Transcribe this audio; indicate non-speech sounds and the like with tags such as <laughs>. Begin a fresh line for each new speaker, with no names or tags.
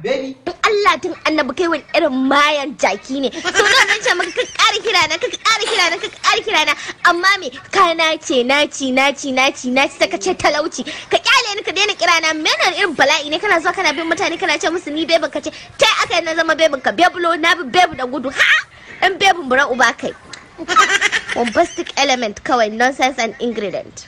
baby Allah tun annabi kai wani irin mayan jaki ne so na zan ce maka ka ƙara kira na ka ƙara kira na ka ƙara kira na amma me ka nace naci naci naci naci ta ce talauci ka kyale ni ka daina kira na menar irin bala'i ne kana zuwa kana bin mutane kana ce musu ni beban ka ce ta aka na zama beban ka bebulo na bi bebu da gudu ha in bebin bura uba kai <laughs> bombastic element kawai nonsense and
ingredient